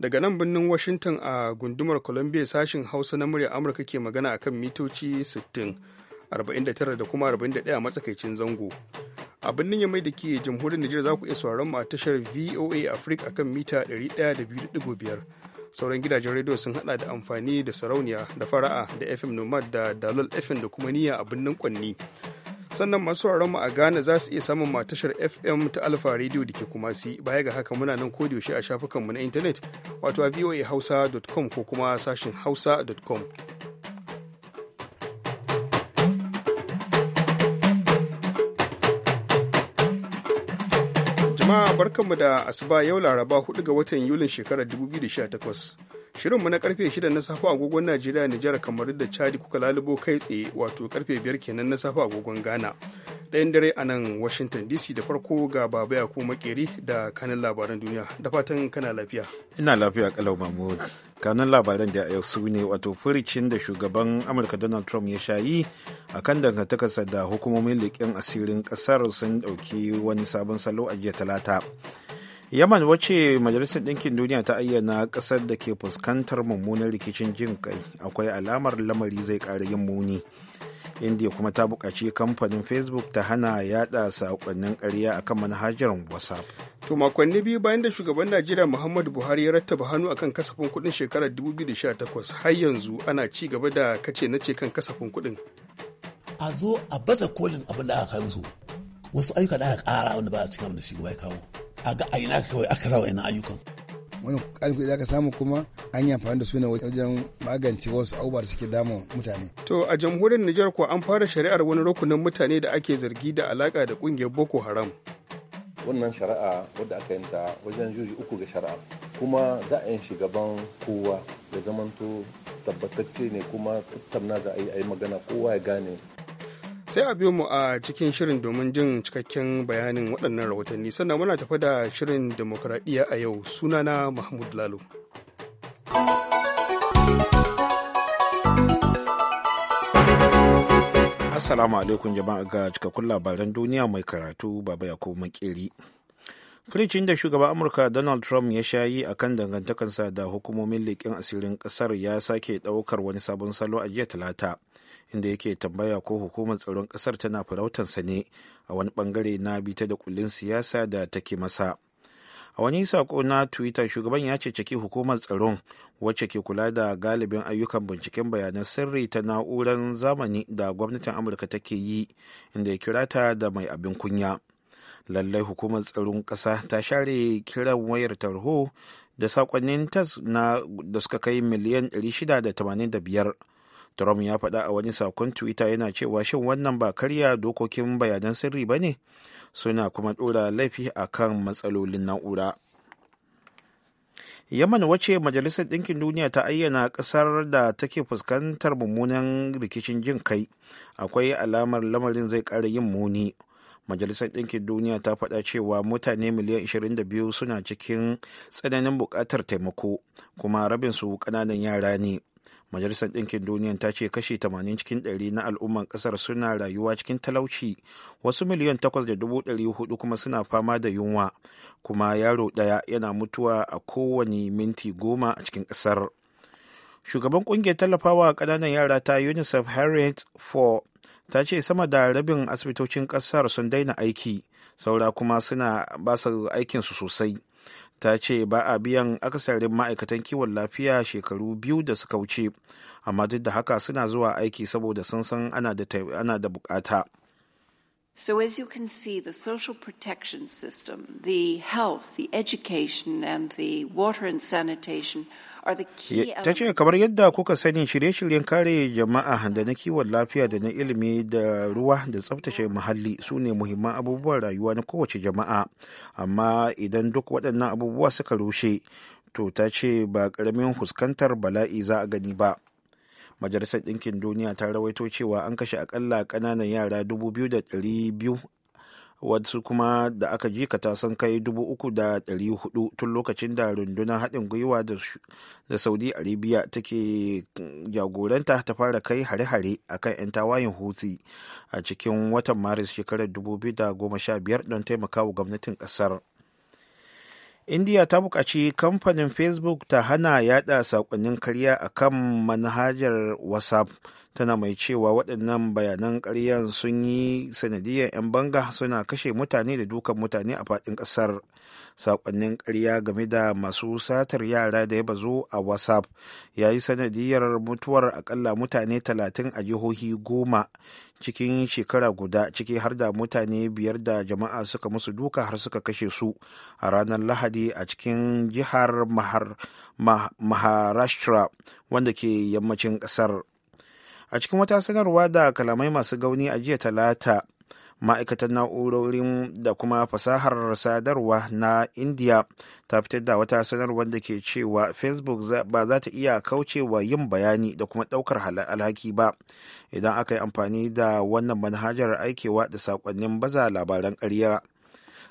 daga nan birnin washington a gundumar columbia sashin hausa na murya amurka ke magana akan mitoci 60 49 da kuma 41 a matsakaicin zango a birnin yamai da ke jamhuriyar nijar za ku iya sauraron mu a tashar voa africa akan mita 102.5 sauran gidajen rediyo sun hada da amfani da sarauniya da fara'a da fm nomad da dalol fm da kuma niyya a birnin kwanni sannan masu mu a ghana za su iya samun matashar fm ta alfa radio da ke kumasi baya ga haka muna nan yaushe a shafukanmu na intanet wato a voahausa.com ko kuma sashin hausa.com barkanmu da asuba yau laraba 4 ga watan yulin shekarar 2018 Shirinmu na karfe 6 na safe agogon Najeriya, Nijar, kamar da Chadi kuka lalubo kai tsaye wato karfe 5 kenan na safe agogon Ghana. Ɗayan dare a nan Washington DC da farko ga Baba Yakubu Makeri da kanin labaran duniya. Da fatan kana lafiya. Ina lafiya kalau Mahmud. Kanin labaran da yau su ne wato furicin da shugaban Amurka Donald Trump ya shayi a kan dangantakarsa da hukumomin leƙen asirin ƙasar sun ɗauki wani sabon salo a jiya talata. yaman wace majalisar ɗinkin duniya ta ayyana ƙasar da ke fuskantar mummunan rikicin jin kai akwai alamar lamari zai ƙara yin muni india kuma ta buƙaci kamfanin facebook ta hana yada saƙonnin ƙarya kan manhajar whatsapp to makonni biyu bayan da shugaban najeriya muhammadu buhari ya rattaba hannu akan kasafin kuɗin shekarar 2018 har yanzu ana ci gaba da kace nace kan kasafin kuɗin a zo a baza kolin abin da aka kai wasu ayyuka da aka kara wanda ba a cikin da ba ya kawo a ga aina kawai aka sa wa'annan ayyukan wani ƙarfi da aka samu kuma an yi amfani da su ne wajen magance wasu abubuwa da suke damun mutane. To a jamhuriyar Nijar kuwa an fara shari'ar wani rukunin mutane da ake zargi da alaƙa da ƙungiyar Boko Haram. Wannan shari'a wadda aka yi ta wajen juji uku ga shari'a kuma za a yi shugaban kowa ya zamanto tabbatacce ne kuma tattauna za a yi magana kowa ya gane sai a biyo mu a cikin shirin domin jin cikakken bayanin waɗannan rahotanni sannan muna tafi da shirin demokuraɗiyya a yau sunana mahmud lalo assalamu alaikum jama'a ga cikakkun labaran duniya mai karatu baba ya ko makiri firicin da shugaban amurka donald trump ya sha yi a kan dangantakansa da hukumomin leƙen asirin ƙasar ya sake ɗaukar wani sabon salo a jiya talata inda yake tambaya ko hukumar tsaron kasar tana farautansa ne a wani bangare na bita da kullin siyasa da take masa a wani sako na twitter shugaban ya ce ciki hukumar tsaron wacce ke kula da galibin ayyukan binciken bayanan sirri ta na'urar zamani da gwamnatin amurka take yi inda ya kira ta da mai abin kunya lallai hukumar tsaron kasa ta share kiran wayar tarho da sakonnin tas na da suka kai miliyan 685 Trump ya faɗa a wani sakon Twitter yana cewa shin wannan ba karya dokokin bayanan sirri ba ne? Suna kuma ɗora laifi a kan matsalolin na'ura. Yaman wace Majalisar Ɗinkin Duniya ta ayyana ƙasar da take fuskantar mummunan rikicin jin kai, akwai alamar lamarin zai ƙara yin muni. Majalisar Ɗinkin Duniya ta faɗa cewa mutane miliyan 22 suna cikin tsananin buƙatar taimako, kuma rabin su ƙananan yara ne. majalisar ɗinkin duniya ta ce kashi 80 cikin ɗari na al'umman ƙasar suna rayuwa cikin talauci wasu miliyan 8,400 kuma suna fama da yunwa kuma yaro ɗaya yana mutuwa a kowane minti goma a cikin ƙasar shugaban ƙungiyar tallafawa ƙananan yara ta unicef harriet for ta ce sama da rabin asibitocin ƙasar sun daina aiki saura kuma suna basa aikinsu sosai ta ce ba a biyan akasarin ma'aikatan kiwon lafiya shekaru biyu da suka wuce amma duk da haka suna zuwa aiki saboda sun san ana da bukata So, as you can see, the social protection system, the health, the education, and the water and sanitation ta ce kamar yadda kuka sani shirye-shiryen kare jama'a da na kiwon lafiya da na ilimi da ruwa da tsabtace muhalli su ne muhimman abubuwan rayuwa na kowace jama'a amma idan duk waɗannan abubuwa suka rushe to ta ce ba ƙaramin fuskantar bala'i za a gani ba majalisar ɗinkin duniya ta rawaito cewa an kashe akalla ƙananan yara dubu biyu. wasu kuma da aka jikata sun kai dubu uku da ɗari hudu tun lokacin da rundunar haɗin gwiwa da saudi arabia take jagoranta ta fara kai hare-hare a kan 'yan tawayen houthi a cikin watan maris shekarar 2015 don taimakawa gwamnatin ƙasar india ta buƙaci kamfanin facebook ta hana yada saƙonnin karya a kan manhajar whatsapp tana mai cewa waɗannan bayanan karyan sun yi sanadiyar 'yan banga suna kashe mutane da dukan mutane a faɗin ƙasar sakonnin ƙarya game da masu satar yara da ya bazo a whatsapp ya yi sanadiyar mutuwar akalla mutane talatin a jihohi goma cikin shekara guda ciki har da mutane biyar da jama'a suka musu duka har suka kashe su a ranar lahadi a cikin jihar maharashtra wanda ke yammacin ƙasar a cikin wata sanarwa da kalamai masu gauni a jiya talata ma'aikatar na'urorin da kuma fasahar sadarwa na india ta fitar da wata sanarwar da ke cewa facebook ba za ta iya kaucewa yin bayani da kuma daukar alhaki ba idan aka yi amfani da wannan manhajar aikewa da saƙonnin baza labaran ƙarya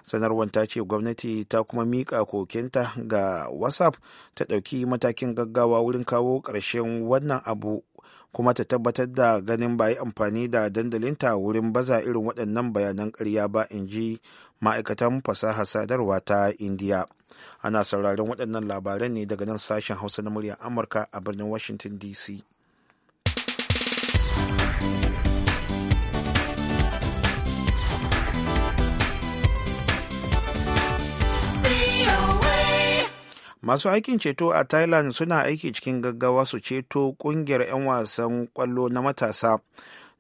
sanarwar ta ce gwamnati ta kuma mika kokinta ga whatsapp ta ɗauki matakin gaggawa wurin kawo ƙarshen wannan abu kuma ta tabbatar da ganin ba yi amfani da dandalinta wurin baza irin waɗannan bayanan ƙarya ba in ji ma'aikatan fasaha sadarwa ta indiya ana sauraron waɗannan labaran ne daga nan sashen hausa na muryar amurka a birnin washington dc masu aikin ceto a thailand suna aiki cikin gaggawa su ceto kungiyar 'yan wasan kwallo na matasa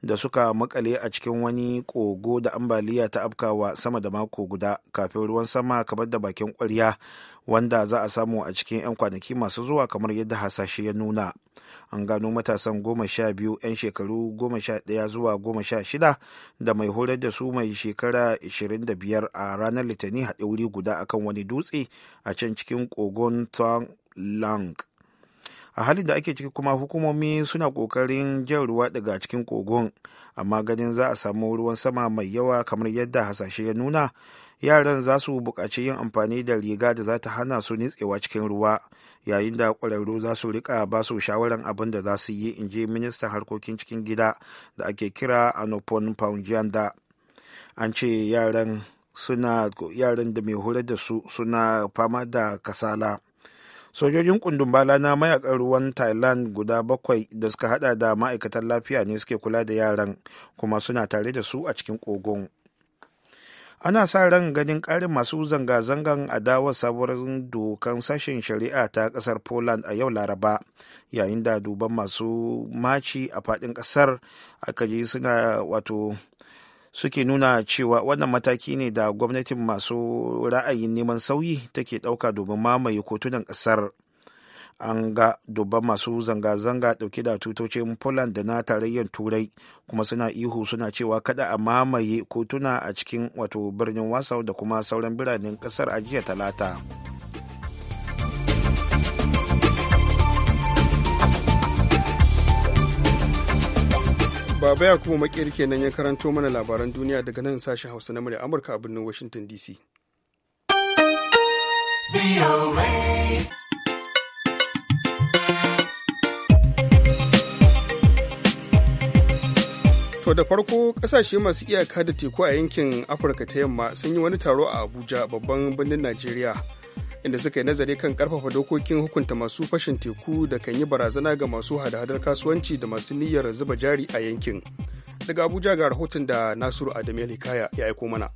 da suka makale a cikin wani kogo da ambaliya ta afkawa sama da mako guda kafin ruwan sama kamar da bakin kwarya wanda za a samu a cikin 'yan kwanaki masu zuwa kamar yadda hasashe ya nuna an gano matasan goma sha biyu 'yan shekaru goma sha ɗaya zuwa goma sha shida da mai horar da su mai shekara 25 a ranar litinin haɗe wuri guda akan wani dutse a can cikin kogon tong lang a halin da ake ciki kuma hukumomi suna kokarin jan ruwa daga cikin kogon amma ganin za a samu ruwan sama mai yawa kamar yadda hasashe ya nuna yaran za su buƙaci yin amfani da riga da za ta hana su nitsewa cikin ruwa yayin da ƙwararru za su rika ba su shawaran abin da za su yi in je ministan harkokin cikin gida da ake kira anopon paunjanda an ce yaran yaran da mai horar da su suna fama da kasala sojojin kundumbala na mayakan ruwan thailand guda bakwai da suka hada da ma'aikatan lafiya ne suke kula da yaran kuma suna tare da su a cikin kogon ana sa ran ganin karin masu zanga-zangan adawar sabon dokan sashen shari'a ta kasar poland a yau laraba yayin da duban masu maci a faɗin kasar aka ji suna wato suke nuna cewa wannan mataki ne da gwamnatin masu ra'ayin neman sauyi take ɗauka domin mamaye kotunan ƙasar an ga dubban masu zanga-zanga ɗauke da tutocin poland da na tarayyar turai kuma suna ihu suna cewa kada a mamaye kotuna a cikin wato birnin wasau da kuma sauran biranen ƙasar a jiya talata Baba ya kuma makeri kenan ya karanto mana labaran duniya daga nan sashen Hausa na murya Amurka a birnin Washington DC. To da farko kasashe masu iyaka da teku a yankin Afirka ta yamma sun yi wani taro a Abuja babban birnin Najeriya. inda suka yi nazari kan karfafa dokokin hukunta masu fashin teku da kan yi barazana ga masu hada-hadar kasuwanci da masu niyyar zuba jari a yankin daga abuja ga rahoton da nasiru ya hikaya ya aiko mana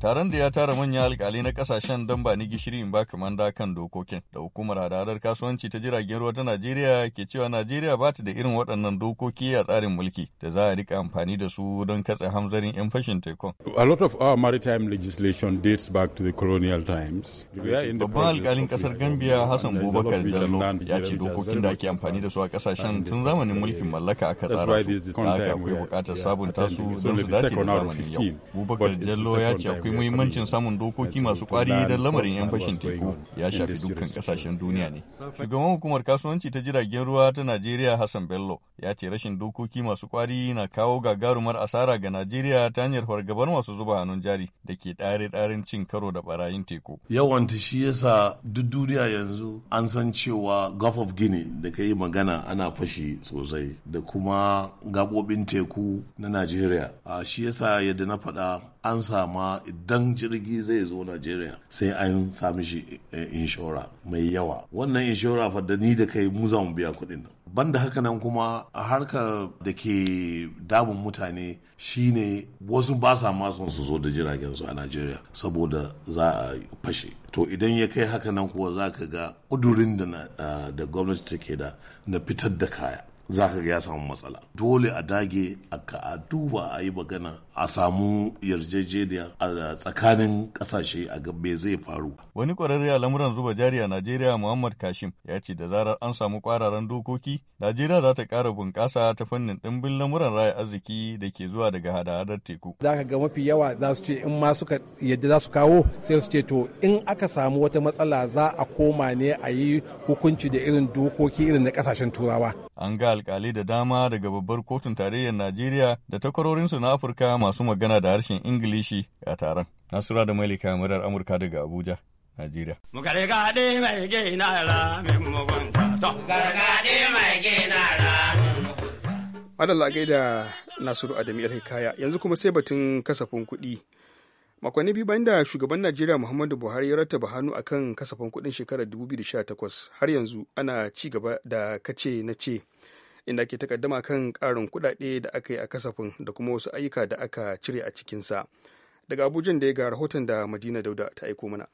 Taron da ya tara manyan alkali na kasashen don ba ni gishiri in ba kamanda kan dokokin da hukumar hadadar kasuwanci ta jiragen ruwa ta Najeriya ke cewa Najeriya ba ta da irin waɗannan dokoki a tsarin mulki da za a rika amfani da su don katse hamzarin 'yan fashin tekun. A lot of our maritime legislation dates back to the colonial times. Babban alkalin kasar Gambia Hassan Bubakar jalo ya ce dokokin da ake amfani da su a kasashen tun zamanin mulkin mallaka aka tsara su. Da haka akwai bukatar sabunta su don su dace da zamanin yau. Bubakar Jallo ya ce akwai shafi muhimmancin samun dokoki masu kwari don lamarin 'yan fashin teku ya shafi dukkan kasashen duniya ne. Shugaban hukumar kasuwanci ta jiragen ruwa ta Najeriya Hassan Bello ya ce rashin dokoki masu kwari na kawo gagarumar asara ga Najeriya ta hanyar fargabar masu zuba hannun jari da ke ɗare-ɗaren cin karo da barayin teku. Yawanta shi yasa duk duniya yanzu an san cewa Gulf of Guinea da ka yi magana ana fashi sosai da kuma gaɓoɓin teku na Najeriya. Shi yasa yadda na faɗa an sama idan jirgi zai zo Najeriya sai an sami shi eh, inshora mai yawa. Wannan inshora fa da ni da kai mu za mu biya kuɗin nan. Banda haka nan kuma a harkar da ke damun mutane shine wasu ba sa ma son su zo da jiragen su a Najeriya saboda za a fashe. To idan ya kai haka nan kuwa za ka ga ƙudurin da eh, gwamnati take da na fitar da kaya. za ka ya samu matsala dole a dage a ka a duba a yi magana a samu yarjejeniya a tsakanin kasashe a gabe zai faru wani kwararre a lamuran zuba jari a najeriya muhammad kashim ya ce da zarar an samu kwararan dokoki najeriya za ta kara bunƙasa ta fannin ɗimbin lamuran raya arziki da ke zuwa daga hada-hadar teku za ka ga mafi yawa za su ce in ma suka yadda za su kawo sai su ce to in aka samu wata matsala za a koma ne a yi hukunci da irin dokoki irin na kasashen turawa an ga alkali da dama daga babbar kotun tarayyar Najeriya da takwarorinsu na Afirka masu magana da harshen Ingilishi a taron. Nasura da Malika murar Amurka daga Abuja, Najeriya. Mugargaɗe mai gina mai Madalla gaida Nasiru Adamu Alhikaya yanzu kuma sai batun kasafin kuɗi. makonni biyu bayan da shugaban najeriya muhammadu buhari ya rattaba hannu a kan kasafin kuɗin shekarar 2018 har yanzu ana ci gaba da kace na ce inda ke takaddama kan karin kudade da aka yi a kasafin da kuma wasu ayyuka da aka cire a cikinsa daga abujin da ya ga rahoton da madina dauda ta aiko mana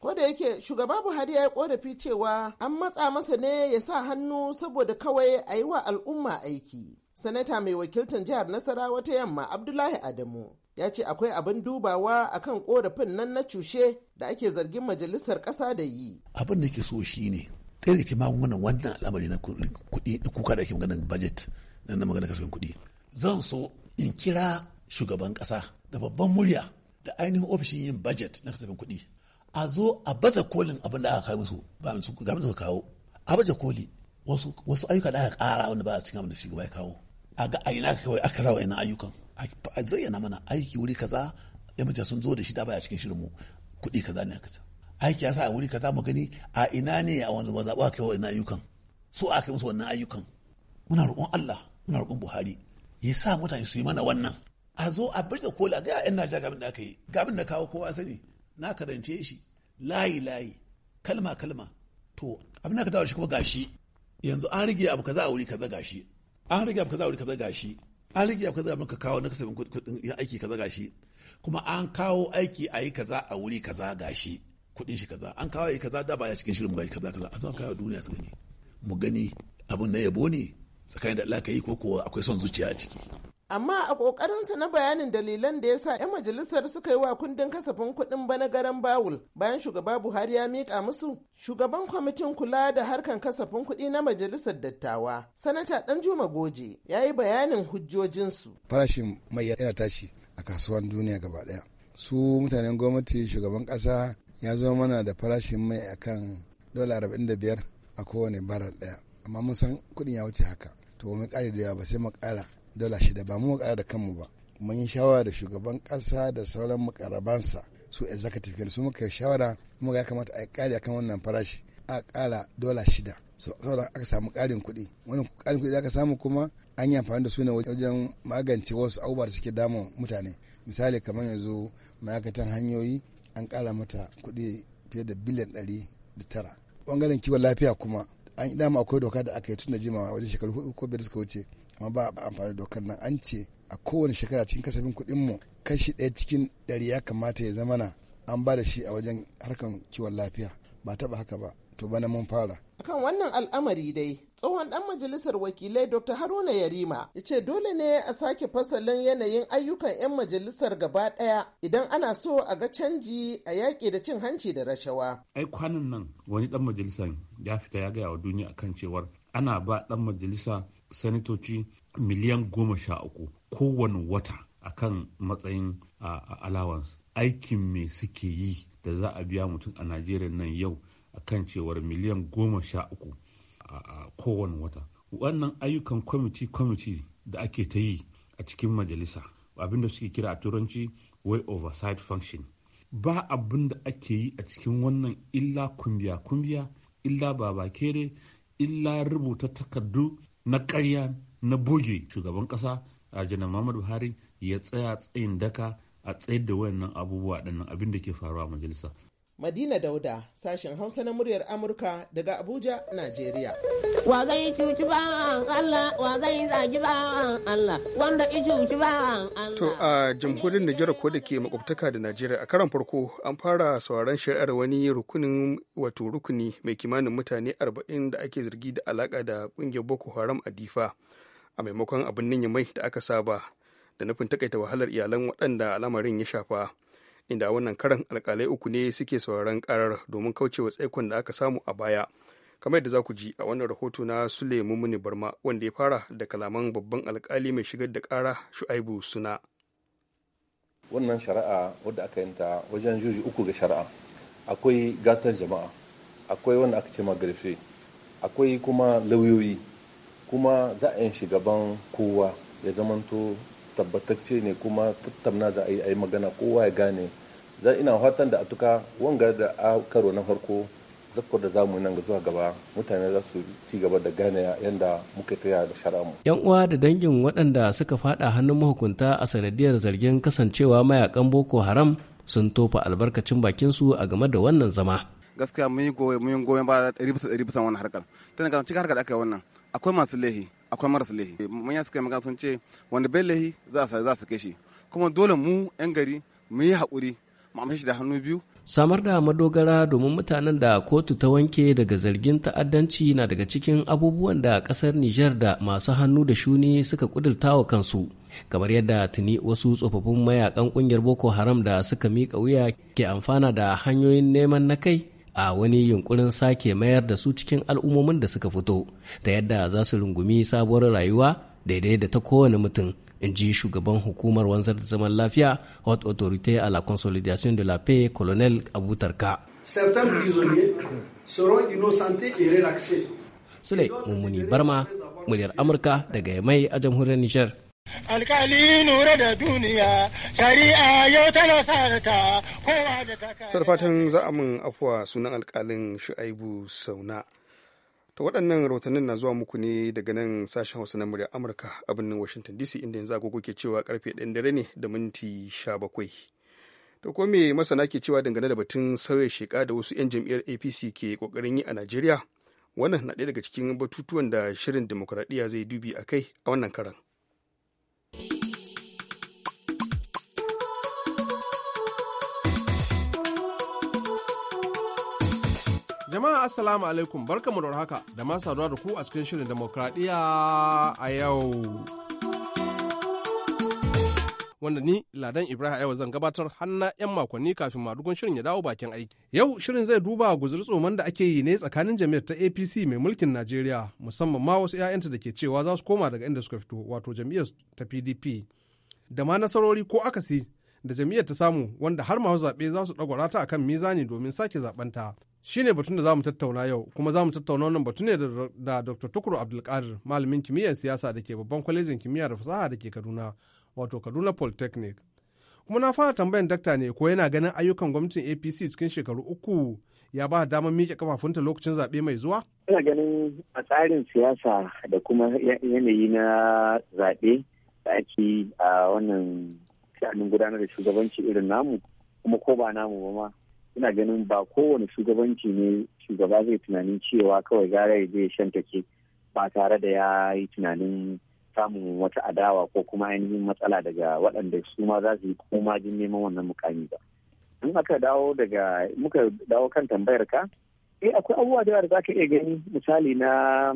ko da yake shugaba buhari ya yi korafi cewa an matsa masa ne ya sa hannu saboda kawai a yi wa al'umma aiki sanata mai wakiltan jihar nasarawa ta yamma abdullahi adamu ya ce akwai abin dubawa akan korafin nan na cushe da ake zargin majalisar ƙasa da yi. Abin da ke so shi ne, ɗaya daga magungunan wannan al'amari na kuɗi kuka da ake maganin budget na na maganin kasafin kuɗi. Zan so in kira shugaban ƙasa da babban murya da ainihin ofishin yin budget na kasafin kuɗi. A zo a baza kolin abin da aka kawo musu ba su kawo. A baza koli wasu ayyuka da aka ƙara wanda ba a cikin abin da shugaba ya kawo. A ga aina kawai aka zawa ina ayyukan. a zayyana mana aiki wuri kaza ya mace sun zo da shi da baya cikin shirin mu kuɗi kaza ne kaza aiki ya sa a wuri kaza mu gani a ina ne a wanzu ba zaɓa kai wa ina ayyukan so aka yi musu wannan ayyukan muna roƙon Allah muna roƙon Buhari ya sa mutane su yi mana wannan a zo a da kola ga 'yan Najeriya gabin da aka yi gabin da kawo kowa sani na karance shi layi layi kalma kalma to abin da ka dawo shi kuma gashi yanzu an rage abu kaza a wuri kaza gashi an rage abu kaza a wuri kaza gashi an rike akwai zaɓen ka kawo na kasafin kuɗin aiki kaza gashi kuma an kawo aiki a yi kaza a wuri kaza gashi kuɗin shi kaza an kawo yi kaza da ya cikin shirin bai kaza kaza an kawo duniya su gani mu gani abun na yabo ne tsakanin da Allah ka yi ko kuwa akwai son zuciya a ciki amma a kokarinsa na bayanin dalilan da ya sa 'yan majalisar suka yi wa kundin kasafin kuɗin bana garan bawul bayan shugaba buhari ya miƙa musu shugaban kwamitin kula da harkan kasafin kuɗi na majalisar dattawa sanata ɗanjuma goje ya yi bayanin hujjojinsu farashin mai yana tashi a kasuwan duniya gaba ɗaya su mutanen gwamnati shugaban ƙasa ya zo mana da farashin mai akan dola arba'in da biyar a kowane barar ɗaya amma mun san kuɗin ya wuce haka to mu ƙare da yawa ba sai mu ƙara dala shida ba mu makara da kanmu ba mun yi shawara da shugaban kasa da sauran makarabansa su executive kenan su muka shawara mu ya kamata a kare akan wannan farashi a kara dola shida so sauran aka samu karin kuɗi wani karin kuɗi da aka samu kuma an yi amfani da su ne wajen magance wasu abubuwa da suke damun mutane misali kamar yanzu ma'aikatan hanyoyi an kara mata kuɗi fiye da biliyan ɗari da tara bangaren kiwon lafiya kuma an yi dama akwai doka da aka yi tun da jimawa wajen shekaru hudu ko biyar suka wuce amma ba a amfani dokar nan an ce a kowane shekara cikin kasafin kuɗin mu kashi ɗaya cikin ɗari ya kamata ya zama na an ba da shi a wajen harkar kiwon lafiya ba taɓa haka ba to bana mun fara akan wannan al'amari dai tsohon dan majalisar wakilai dr haruna yarima ya ce dole ne a sake fasalin yanayin ayyukan 'yan majalisar gaba daya idan ana so a ga canji a yaƙi da cin hanci da rashawa ai kwanan nan wani dan majalisar ya fita ya gaya wa duniya akan cewar ana ba dan majalisa sanatoci miliyan goma sha uku kowane wata akan matsayin allowance aikin me suke yi da za a biya mutum a najeriya nan yau akan cewar miliyan goma sha uku a kowane wata wannan ayyukan kwamiti-kwamiti da ake ta yi a cikin majalisa abinda suke kira a turanci way oversight function ba abin da ake yi a cikin wannan illa kumbiya-kumbiya illa babakere illa rubuta takardu na karya na buge shugaban ƙasa a janar muhammadu buhari ya tsaya tsayin daka a tsayar da wayannan abubuwa ɗannan abin da ke faruwa a majalisa Madina Dauda, sashen Hausa na muryar Amurka daga Abuja, Najeriya. Wa zai cuci ba Allah, wa zai zagi ba Allah, wanda i cuci ba Allah. To a jamhuriyar Nijar ko da ke makwabtaka da Najeriya a karan farko an fara sauraron shari'ar wani rukunin wato rukuni mai kimanin mutane 40 da ake zargi da alaka da kungiyar Boko Haram a Difa a maimakon abin ninya mai da aka saba da nufin takaita wahalar iyalan waɗanda al'amarin ya shafa. inda wannan karan alkalai uku ne suke sauraron karar domin kaucewa tsaikon da aka samu a baya kamar yadda za ku ji a wannan rahoto na sule mummuni barma wanda ya fara da kalaman babban alkali mai shigar da kara shu'aibu suna wannan shari'a wadda aka yanta wajen juji uku ga shari'a akwai gatar jama'a akwai wanda aka ce magarfe akwai kuma lauyoyi kuma za a yin shugaban kowa ya zamanto tabbatacce ne kuma tattamna za a yi a yi magana kowa ya gane za ina fatan da atuka wanga da a karo na farko zakko da zamu nan zuwa gaba mutane za su ci gaba da gane yadda muka taya da sharamu. Yan uwa da dangin waɗanda suka fada hannun mahukunta a sanadiyar zargin kasancewa mayakan Boko Haram sun tofa albarkacin bakin su a game da wannan zama. Gaskiya mun yi goyon ba 100% bisa wannan harkar. Tana cikin harkar da aka yi wannan akwai masu lehi akwai marasa laihi manya suka yi magana sun ce wanda bai laihi za su kashe kuma dole mu 'yan gari mu yi haƙuri mu amshi da hannu biyu samar da madogara domin mutanen da kotu ta wanke daga zargin ta'addanci na daga cikin abubuwan da ƙasar Nijar da masu hannu da shuni suka wa kansu kamar yadda tuni wasu tsofaffin mayakan kungiyar Boko Haram da suka miƙa wuya ke amfana da hanyoyin neman na kai a wani yunkurin sake mayar da su cikin al'ummomin da suka fito ta yadda za su rungumi sabuwar rayuwa daidai da ta kowane mutum in ji shugaban hukumar wanzar da zaman lafiya hot autorité a la consolidation de la paix colonel abutarka mummuni barma muryar amurka daga yamai a jamhuriyar nijar alkali nura da duniya shari'a yau tana kowa da ta fatan za a min afuwa sunan alkalin shu'aibu sauna ta waɗannan rahotannin na zuwa muku ne daga nan sashen hausa na murya amurka a birnin washington dc inda yanzu agogo ke cewa karfe ɗan dare ne da minti sha bakwai to ko masana ke cewa dangane da batun sauya sheka da wasu 'yan jam'iyyar apc ke kokarin yi a najeriya wannan na ɗaya daga cikin batutuwan da shirin dimokuraɗiyya zai dubi a kai a wannan karan Jama'a Assalamu alaikum barkamu da haka da masu saduwa da ku a cikin shirin demokradiyya a yau. Wanda ni Ladan Ibrahim yau zan gabatar hanna 'yan makonni kafin madugun shirin ya dawo bakin aiki. Yau shirin zai duba guzur tsoman da ake yi ne tsakanin jami'ar ta APC mai mulkin Najeriya musamman ma wasu 'ya'yanta da ke cewa za su koma daga inda suka fito wato jam'iyyar ta PDP. Da ma nasarori ko akasi da jam'iyyar ta samu wanda har masu zaɓe za su ɗagwara ta akan mizani domin sake zaɓen ta. shi ne batun da za mu tattauna yau kuma za mu tattauna wannan batu ne da dr tukuru abdulkadir malamin kimiyyar siyasa da ke babban kwalejin kimiyya da fasaha da ke kaduna wato kaduna polytechnic kuma na fara tambayan dakta ne ko yana ganin ayyukan gwamnatin apc cikin shekaru uku ya ba damar miƙe kafafunta lokacin zaɓe mai zuwa? Ina ganin a tsarin siyasa da kuma yanayi na zaɓe da ake a wannan sha'anin gudanar da shugabanci irin namu kuma ko ba namu ba ma ina ganin ba kowane shugabanci ne shugaba zai tunanin cewa kawai gara ya je take ba tare da ya yi tunanin samun wata adawa ko kuma ainihin matsala daga waɗanda su ma za su yi koma jin neman wannan mukami ba in aka dawo daga muka dawo kan tambayar ka eh akwai abubuwa da yawa da iya gani misali na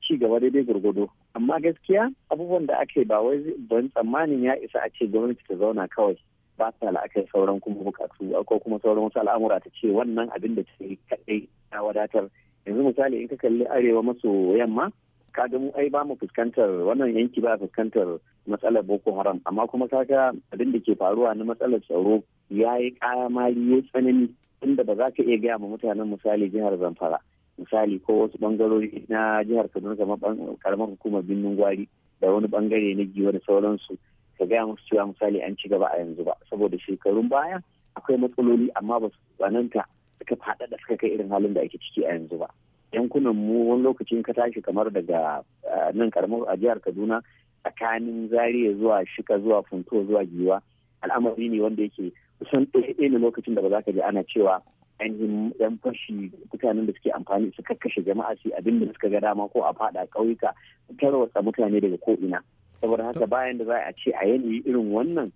ci gaba daidai gurgudo amma gaskiya abubuwan da ake ba wai ban tsammanin ya isa a ce gwamnati ta zauna kawai ba sa la'akari sauran kuma bukatu ko kuma sauran wasu al'amura ta ce wannan abin da ta yi kaɗai ta wadatar yanzu misali in ka kalli arewa maso yamma ka ga mu ai ba mu fuskantar wannan yanki ba fuskantar matsalar boko haram amma kuma ga abin da ke faruwa na matsalar tsaro ya yi kamari ya tsanani inda ba za ka iya gaya ma mutanen misali jihar zamfara misali ko wasu bangarori na jihar kaduna kamar karamar hukumar birnin gwari da wani bangare na giwa da sauransu ka gaya musu cewa misali an ci gaba a yanzu ba saboda shekarun baya akwai matsaloli amma ba su tsananta suka faɗa da suka kai irin halin da ake ciki a yanzu ba yankunan mu wani lokacin ka tashi kamar daga eh, nan karamar a jihar kaduna tsakanin zariya zuwa shika zuwa funto zuwa giwa al'amari ne wanda yake kusan ɗaya ne lokacin da ba za ka ji ana cewa ainihin yan fashi mutanen da suke amfani su kakkashe jama'a su abin da suka ga dama ko a faɗa ƙauyuka tarwatsa mutane daga ko'ina saboda haka bayan da za a ce a yanayi irin wannan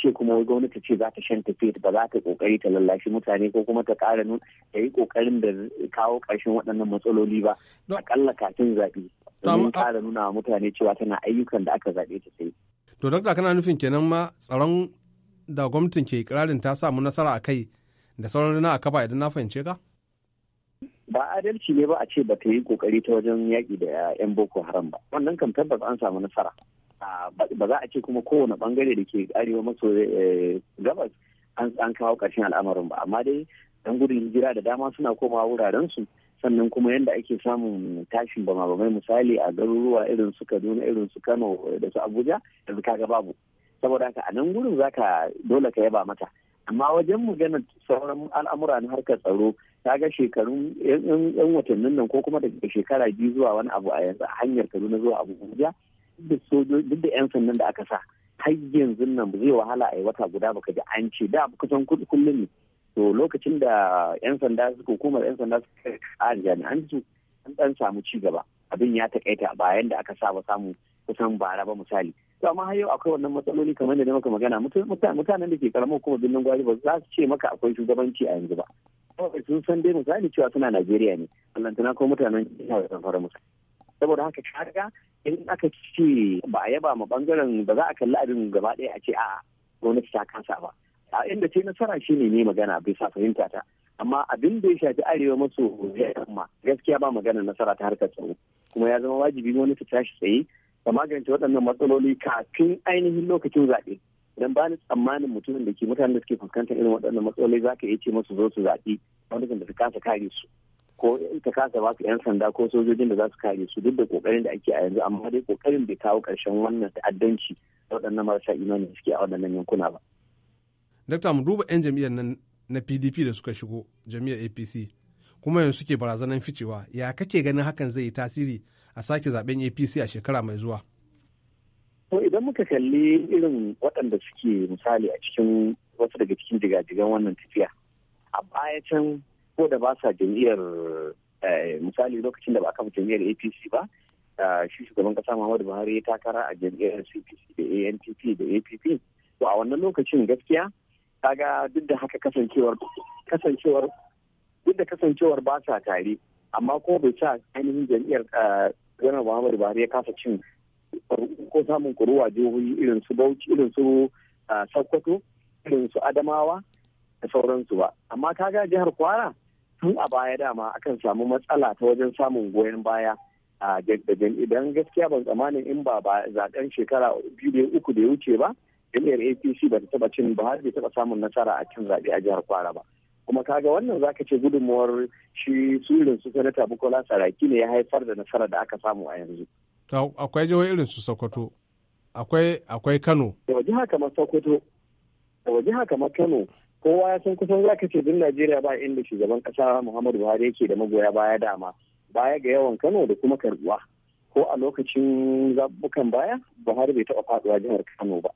ce kuma wai gwamnati ce za ta shan tafiya ba za ta kokari ta lallashi mutane ko kuma ta kara nun ta yi kokarin da kawo ƙarshen waɗannan matsaloli ba akalla kafin zaɓe domin kara nuna wa mutane cewa tana ayyukan da aka zaɓe ta sai. to dokta kana nufin kenan ma tsaron da gwamnatin ke ikirarin ta samu nasara a kai da sauran na a kafa idan na fahimce ka. ba adalci ne ba a ce ba ta yi kokari ta wajen yaƙi da eh, 'yan boko haram ba wannan kan tabbas an samu nasara ba za a ce kuma kowane bangare da ke arewa maso eh, gabas an kawo ƙarshen al'amarin ba amma dai dan gudun hijira da dama suna komawa wuraren su sannan kuma yadda ake samun tashin ba ma bamai misali a garuruwa irin su kaduna irin su kano da su abuja yanzu kaga babu saboda haka a nan za zaka dole ka yaba mata amma wajen mu maganar sauran al'amura na harkar tsaro ta ga shekarun yan watannin nan ko kuma daga shekara biyu zuwa wani abu a yanzu a hanyar kaduna zuwa abuja da sojoji duk da yan sandan da aka sa har yanzu nan zai wahala a yi wata guda baka ji an ce da kusan kullum ne to lokacin da yan sanda suka hukumar yan sanda suka kara jami'an su an dan samu ci gaba abin ya takaita ba yanda aka saba samu kusan bara ba misali to amma har yau akwai wannan matsaloli kamar da maka magana mutanen da ke karamar hukumar birnin gwari ba za su ce maka akwai shugabanci a yanzu ba kawai sun san dai misali cewa suna najeriya ne allantana ko mutanen jihar zamfara misali saboda haka kaga in aka ce ba a yaba ma bangaren ba za a kalli abin gaba ɗaya a ce a gwamnati ta kasa ba a inda ce nasara shi ne magana bisa fahimta ta amma abin da ya shafi arewa maso yamma gaskiya ba magana nasara ta harkar tsaro kuma ya zama wajibi wani ta tashi tsaye ta magance waɗannan matsaloli kafin ainihin lokacin zaɓe idan ba ni tsammanin mutumin da ke mutanen da suke fuskantar irin waɗannan matsaloli za ka iya ce masu zo su zaɓi wani da su kasa kare su ko ita kasa ba su 'yan sanda ko sojojin da za su kare su duk da kokarin da ake a yanzu amma dai kokarin bai kawo karshen wannan ta'addanci da waɗannan marasa imani suke a waɗannan yankuna ba. dokta mu duba 'yan jam'iyyar nan na PDP da suka shigo jam'iyyar APC kuma yanzu suke barazanar ficewa ya kake ganin hakan zai yi tasiri a sake zaben APC a shekara mai zuwa. To idan muka kalli irin waɗanda suke misali a cikin wasu daga cikin jigajigan wannan tafiya a baya can ko da ba sa jam'iyyar eh, misali lokacin da ba kafa jam'iyyar apc ba eh, shi shugaban kasa muhammadu buhari ya takara a jam'iyyar cpc da antp da app to a wannan lokacin gaskiya kaga duk da haka kasancewar kasancewar duk da kasancewar ba sa tare amma ko bai sa ainihin jam'iyyar janar eh, muhammadu buhari ya kasa cin ko samun kuruwa jihohi irin su bauchi irin su sokoto irin su adamawa da sauransu ba amma ga jihar kwara tun a baya dama akan samu matsala ta wajen samun goyon baya a jaddajen idan gaskiya ban tsammanin in ba ba zaben shekara biyu da uku da ya wuce ba jam'iyyar apc ba ta taba cin ba har bai taba samun nasara a cin zaɓe a jihar kwara ba kuma kaga wannan zaka ce gudunmuwar shi surin su sanata bukola saraki ne ya haifar da nasarar da aka samu a yanzu akwai jihohi irin su sokoto akwai akwai kano jihar kamar sokoto da jiha kamar kano kowa ya san kusan zaka ce duk najeriya ba inda shugaban kasa muhammadu buhari yake da magoya baya dama baya ga yawan kano da kuma karbuwa ko a lokacin zabukan baya buhari bai taba faduwa jihar kano ba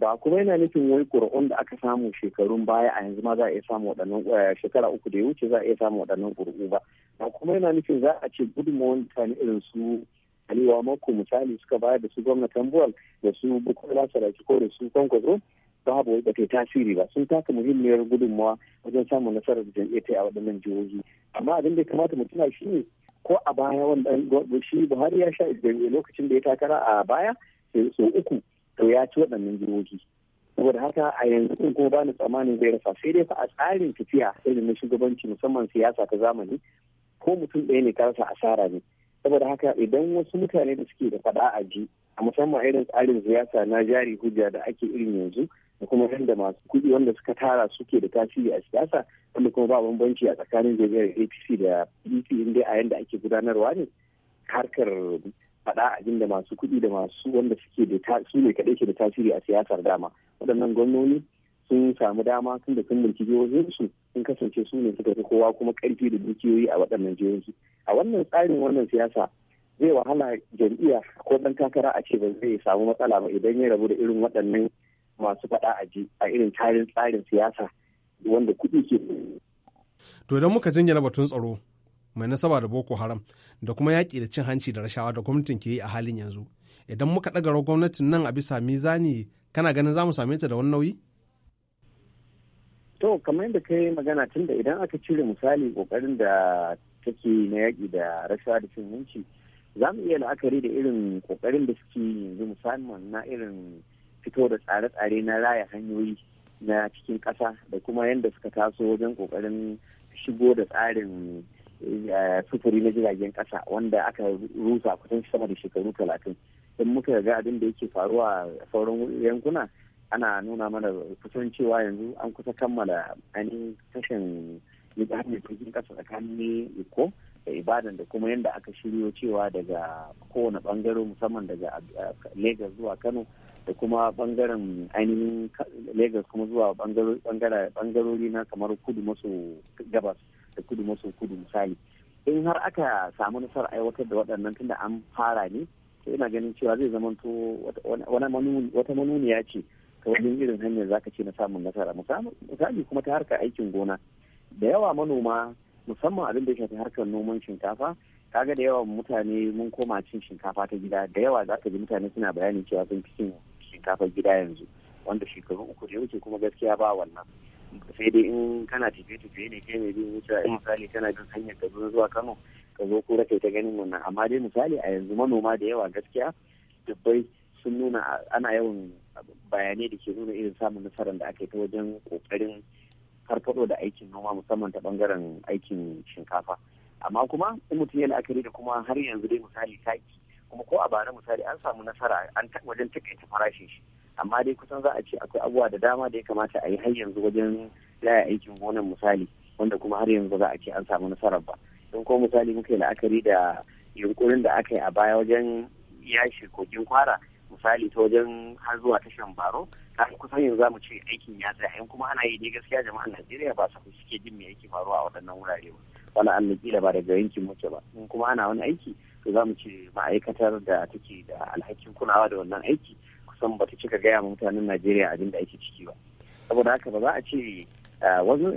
ba kuma yana nufin wai ƙuri'un da aka samu shekarun baya a yanzu ma za a iya samu waɗannan eh, shekara uku da ya wuce za a iya samu waɗannan ƙuri'u ba ba kuma yana nufin za a ce gudunmawar mutane irin su aliwa mako misali suka bayar da su gwamnatin buwal da su bukola saraki ko da su kwankwaso don haka ba ta tasiri ba sun taka muhimmiyar gudunmawa wajen samun nasarar jam'iyyar ta a waɗannan jihohi amma abin da ya kamata mu tuna shi ne ko a baya wanda shi Buhari ya sha jam'iyyar lokacin da ya takara a baya sau uku to ya ci waɗannan jihohi saboda haka a yanzu in kuma bani tsammanin zai rasa sai dai fa a tsarin tafiya irin na shugabanci musamman siyasa ta zamani ko mutum ɗaya ne ka rasa asara ne saboda haka idan wasu mutane da suke da faɗa a ji a musamman irin tsarin siyasa na jari hujja da ake irin yanzu da kuma yadda masu kuɗi wanda suka tara suke da tasiri a siyasa wanda kuma ba bambanci a tsakanin jam'iyyar apc da pdp in dai a yadda ake gudanarwa ne harkar faɗa abin da masu kuɗi da masu wanda suke da su ne kaɗai ke da tasiri a siyasar dama waɗannan gwamnoni sun samu dama tun da sun mulki jihohinsu sun kasance su ne suka fi kowa kuma ƙarfi da dukiyoyi a waɗannan jihohi a wannan tsarin wannan siyasa zai wahala jam'iyya ko ɗan takara a ce ba zai samu matsala ba idan ya rabu da irin waɗannan masu faɗa a ji a irin tarin tsarin siyasa wanda kuɗi ke. To idan muka jingina batun tsaro mai nasaba da Boko Haram da kuma yaƙi da cin hanci da rashawa da gwamnatin ke yi a halin yanzu. Idan muka ɗagara gwamnatin nan a bisa mizani kana ganin za mu same ta da wani nauyi? To kamar yadda ka yi magana tun da idan aka cire misali ƙoƙarin da take na yaƙi da rashawa da cin hanci. za mu iya la'akari da irin kokarin da suke yanzu musamman na irin fito da tsare-tsare na raya hanyoyi na cikin ƙasa da kuma yadda suka taso wajen kokarin shigo da tsarin eh, sufuri na jiragen ƙasa wanda aka rusa kusan sama da shekaru talatin in muka ga abin da yake faruwa a sauran yankuna ana nuna mana kusan cewa yanzu an kusa kammala ainihin tashin cikin ƙasa tsakanin iko da ibadan da kuma yadda aka shiryo cewa daga kowane bangare musamman daga uh, lagos zuwa kano da kuma bangaren ainihin lagos kuma zuwa bangarori na kamar kudu maso gabas da kudu maso kudu misali in har aka samu nasar aiwatar da waɗannan tunda an fara ne to ina ganin cewa zai zama to wata manuniya ce ta wajen irin hanyar zaka ce na samun nasara misali kuma ta harka aikin gona da yawa manoma musamman abin da ya shafi harkar noman shinkafa kaga da yawa mutane mun koma cin shinkafa ta gida da yawa za ka ji mutane suna bayanin cewa sun fi cin shinkafa gida yanzu wanda shekaru uku da wuce kuma gaskiya ba wannan sai dai in kana tafiye-tafiye ne kai mai bin wuce in mm. misali kana bin hanyar ka zuwa kano ka zo ko kai ta ganin wannan amma dai misali a yanzu manoma da yawa gaskiya dubbai sun nuna ana yawan bayanai da ke nuna irin samun nasarar da aka yi ta wajen kokarin farfado da aikin noma musamman ta bangaren aikin shinkafa amma kuma in mutum ya la'akari da kuma har yanzu dai misali taki kuma ko a bara misali an samu nasara an wajen takaita farashin shi amma dai kusan za a ce akwai abubuwa da dama da ya kamata a yi har yanzu wajen laya aikin gonan misali wanda kuma har yanzu za a ce an samu nasarar ba don ko misali muka yi la'akari da yunkurin da aka yi a baya wajen yashi kogin kwara misali ta wajen har zuwa tashar baro kan kusan yanzu mu ce aikin ya tsaya in kuma ana yi ne gaskiya jama'an Najeriya ba su suke jin me yake faruwa a waɗannan wurare ba wala an nake ba daga yankin muke ba in kuma ana wani aiki to zamu ce ma'aikatar da take da alhakin kulawa da wannan aiki kusan ba ta cika gaya ma mutanen Najeriya abin da ake ciki ba saboda haka ba za a ce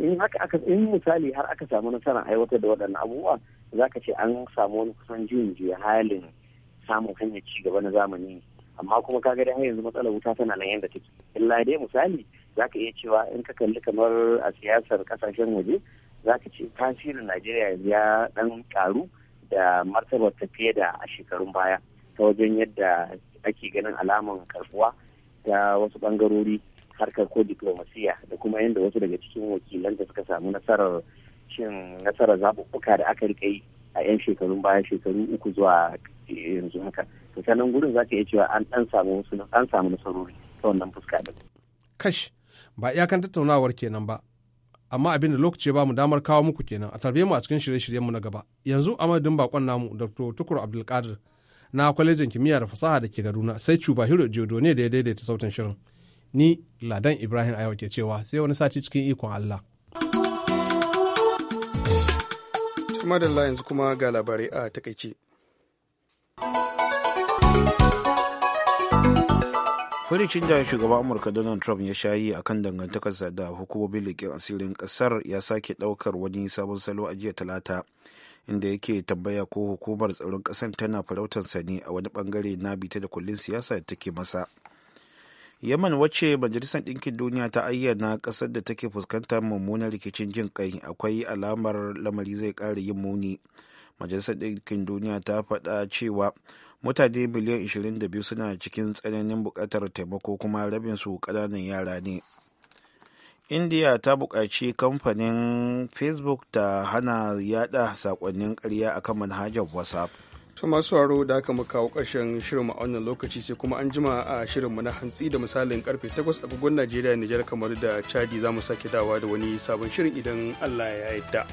in haka aka in misali har aka samu nasarar aiwatar da waɗannan abubuwa za ka ce an samu wani kusan juyin juya halin samun hanyar ci gaba na zamani amma kuma ka ga yanzu matsalar wuta tana nan yadda take illa dai misali za ka iya cewa in ka kalli kamar a siyasar kasashen waje za ka ce tasirin najeriya yanzu ya dan karu da martabar tafiye da a shekarun baya ta wajen yadda ake ganin alaman karbuwa ta wasu bangarori harkar ko diplomasiya da kuma yadda wasu daga cikin wakilan da suka samu nasarar cin nasarar zaɓuɓɓuka da aka rika yi a 'yan shekarun baya shekaru uku zuwa yanzu haka to ta nan gurin ka iya cewa an dan samu an samu nasarori ta wannan fuska din kash ba iyakan tattaunawar kenan ba amma abin da lokaci ba mu damar kawo muku kenan a tarbe mu a cikin shirye-shiryenmu na gaba yanzu a madadin bakon namu dr tukur abdulkadir na kwalejin kimiyya da fasaha da ke garuna sai cuba hiro jodo ne da ya daidaita sautin shirin ni ladan ibrahim ayawa ke cewa sai wani sati cikin ikon allah madalla yanzu kuma ga labarai a takaice. firicin da shugaban amurka donald trump ya shayi a kan dangantakarsa da hukumomin leƙen asirin ƙasar ya sake ɗaukar wani sabon salo a jiya talata inda yake tambaya ko hukumar tsaron ƙasar tana farautarsa ne a wani bangare na bita da kullun siyasa da take masa yaman wacce majalisar ɗinkin duniya ta ayyana ƙasar da take fuskantar mummunan rikicin jin kai akwai alamar lamari zai ƙara yin muni majalisar ɗinkin duniya ta faɗa cewa mutane biliyan 22 suna cikin tsananin bukatar taimako kuma rabin su kananan yara ne indiya ta bukaci kamfanin facebook ta hana yada sakonnin ƙarya akan manhajar whatsapp to masu haro da aka mu kawo ƙarshen shirin a wannan lokaci sai kuma an jima a shirinmu na hantsi da misalin karfe 8 agogon najeriya niger kamar da chadi za mu sake dawa da wani sabon shirin idan allah ya yadda.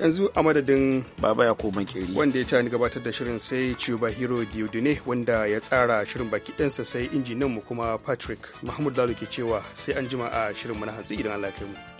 yanzu a madadin baba ya koma kiri wanda ya tani gabatar da shirin sai ciuba hero diodune wanda ya tsara shirin baki ɗansa sai injinan mu kuma patrick mahmud lalu ke cewa sai an jima a shirin mu hantsi idan allah kai mu